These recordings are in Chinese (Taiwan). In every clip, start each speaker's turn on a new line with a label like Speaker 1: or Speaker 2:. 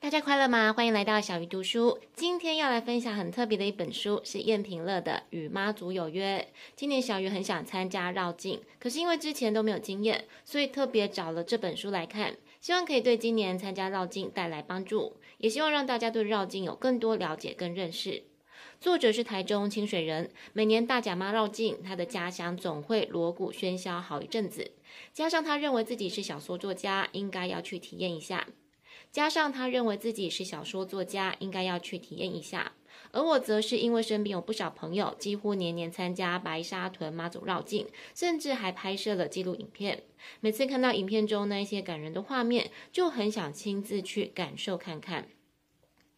Speaker 1: 大家快樂嗎？歡迎來到小魚讀書。今天要來分享很特別的一本書，是宴平樂的《與媽祖有約》。今年小魚很想參加繞境，可是因為之前都沒有經驗，所以特別找了這本書來看，希望可以對今年參加繞境帶來幫助，也希望讓大家對繞境有更多了解跟認識。作者是台中清水人，每年大甲媽繞境，他的家鄉總會鑼鼓喧囂好一陣子，加上他認為自己是小說作家，應該要去體驗一下。加上他認為自己是小說作家，應該要去體驗一下。而我則是因為身邊有不少朋友，幾乎年年參加白沙屯媽祖繞境，甚至還拍攝了紀錄影片。每次看到影片中那些感人的畫面，就很想親自去感受看看。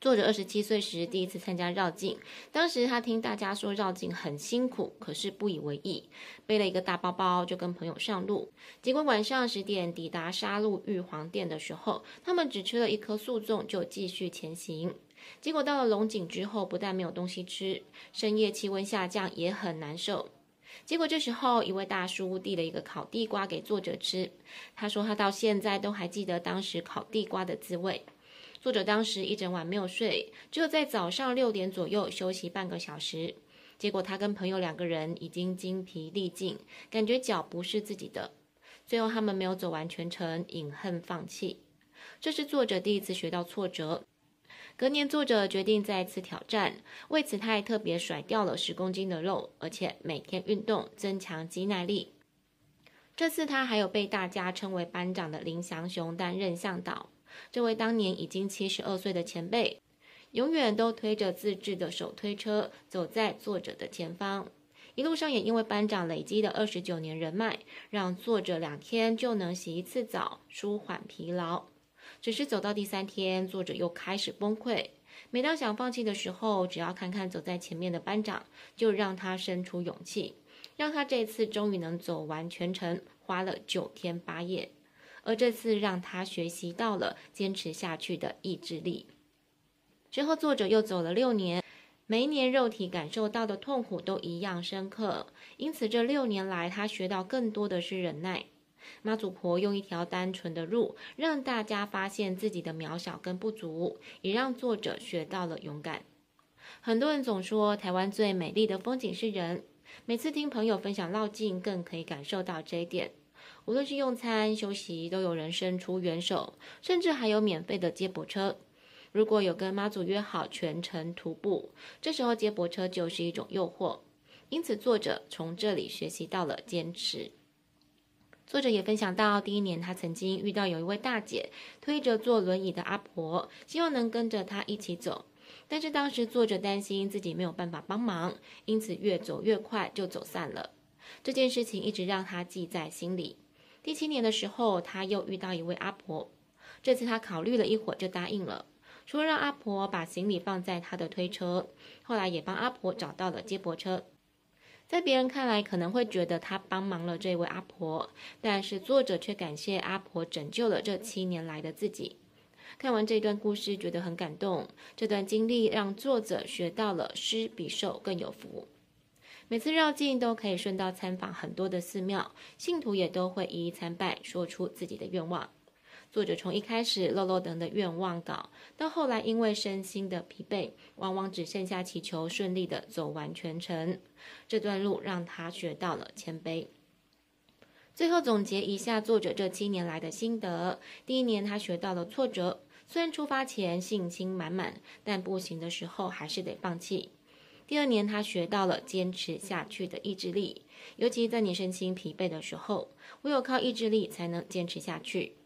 Speaker 1: 作者二十七歲時第一次參加繞境，當時他聽大家說繞境很辛苦，可是不以為意，背了一個大包包就跟朋友上路。結果晚上十點抵達沙鹿玉皇殿的時候，他們只吃了一顆素粽就繼續前行。結果到了龍井之後，不但沒有東西吃，深夜氣溫下降也很難受。結果這時候一位大叔遞了一個烤地瓜給作者吃，他說他到現在都還記得當時烤地瓜的滋味。作者當時一整晚沒有睡，只有在早上六點左右休息半個小時。結果他跟朋友兩個人已經筋疲力盡，感覺腳不是自己的。最後他們沒有走完全程，飲恨放棄。這是作者第一次學到挫折。隔年，作者決定再次挑戰。為此，他還特別甩掉了十公斤的肉，而且每天運動增強肌耐力。這次他還有被大家稱為班長的林祥雄擔任向導。這位當年已經七十二歲的前輩，永遠都推着自制的手推車走在作者的前方。一路上也因為班長累積的二十九年人脈，讓作者兩天就能洗一次澡，舒緩疲勞。只是走到第三天，作者又開始崩潰。每當想放棄的時候，只要看看走在前面的班長，就讓他生出勇氣，讓他這次終於能走完全程，花了九天八夜。而這次讓他學習到了堅持下去的意志力。之後，作者又走了六年，每一年肉體感受到的痛苦都一樣深刻，因此這六年來他學到更多的是忍耐。媽祖婆用一條單純的路，讓大家發現自己的渺小跟不足，也讓作者學到了勇敢。很多人總說台灣最美麗的風景是人，每次聽朋友分享繞境，更可以感受到這一點。無論是用餐、休息，都有人伸出援手，甚至還有免費的接駁車。如果有跟媽祖約好全程徒步，這時候接駁車就是一種誘惑。因此，作者從這裡學習到了堅持。作者也分享到，第一年他曾經遇到有一位大姐推着坐輪椅的阿婆，希望能跟着她一起走，但是當時作者擔心自己沒有辦法幫忙，因此越走越快就走散了。這件事情一直讓他記在心裡。第七年的時候，他又遇到一位阿婆，這次他考慮了一會兒就答應了，說讓阿婆把行李放在他的推車，後來也幫阿婆找到了接駁車。在別人看來可能會覺得他幫忙了這位阿婆，但是作者卻感謝阿婆拯救了這七年來的自己。看完這段故事，覺得很感動，這段經歷讓作者學到了施比受更有福。每次繞境都可以順道參訪很多的寺廟，信徒也都會一一參拜，說出自己的願望。作者從一開始落落等的願望稿，到後來因為身心的疲憊，往往只剩下祈求順利地走完全程。這段路讓他學到了謙卑。最後總結一下作者這七年來的心得：第一年他學到了挫折，雖然出發前信心滿滿，但步行的時候還是得放棄。第二年，他學到了堅持下去的意志力，尤其在你身心疲憊的時候，唯有靠意志力才能堅持下去。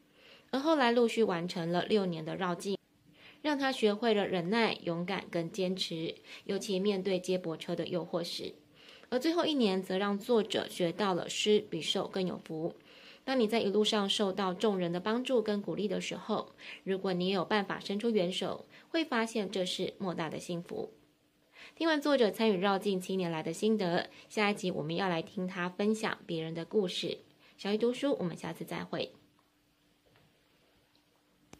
Speaker 1: 而後來陸續完成了六年的繞境，讓他學會了忍耐、勇敢跟堅持，尤其面對接駁車的誘惑時。而最後一年，則讓作者學到了“施比受更有福”。當你在一路上受到眾人的幫助跟鼓勵的時候，如果你有辦法伸出援手，會發現這是莫大的幸福。聽完作者參與繞境七年來的心得，下一集我們要來聽他分享別人的故事。小魚讀書，我們下次再會。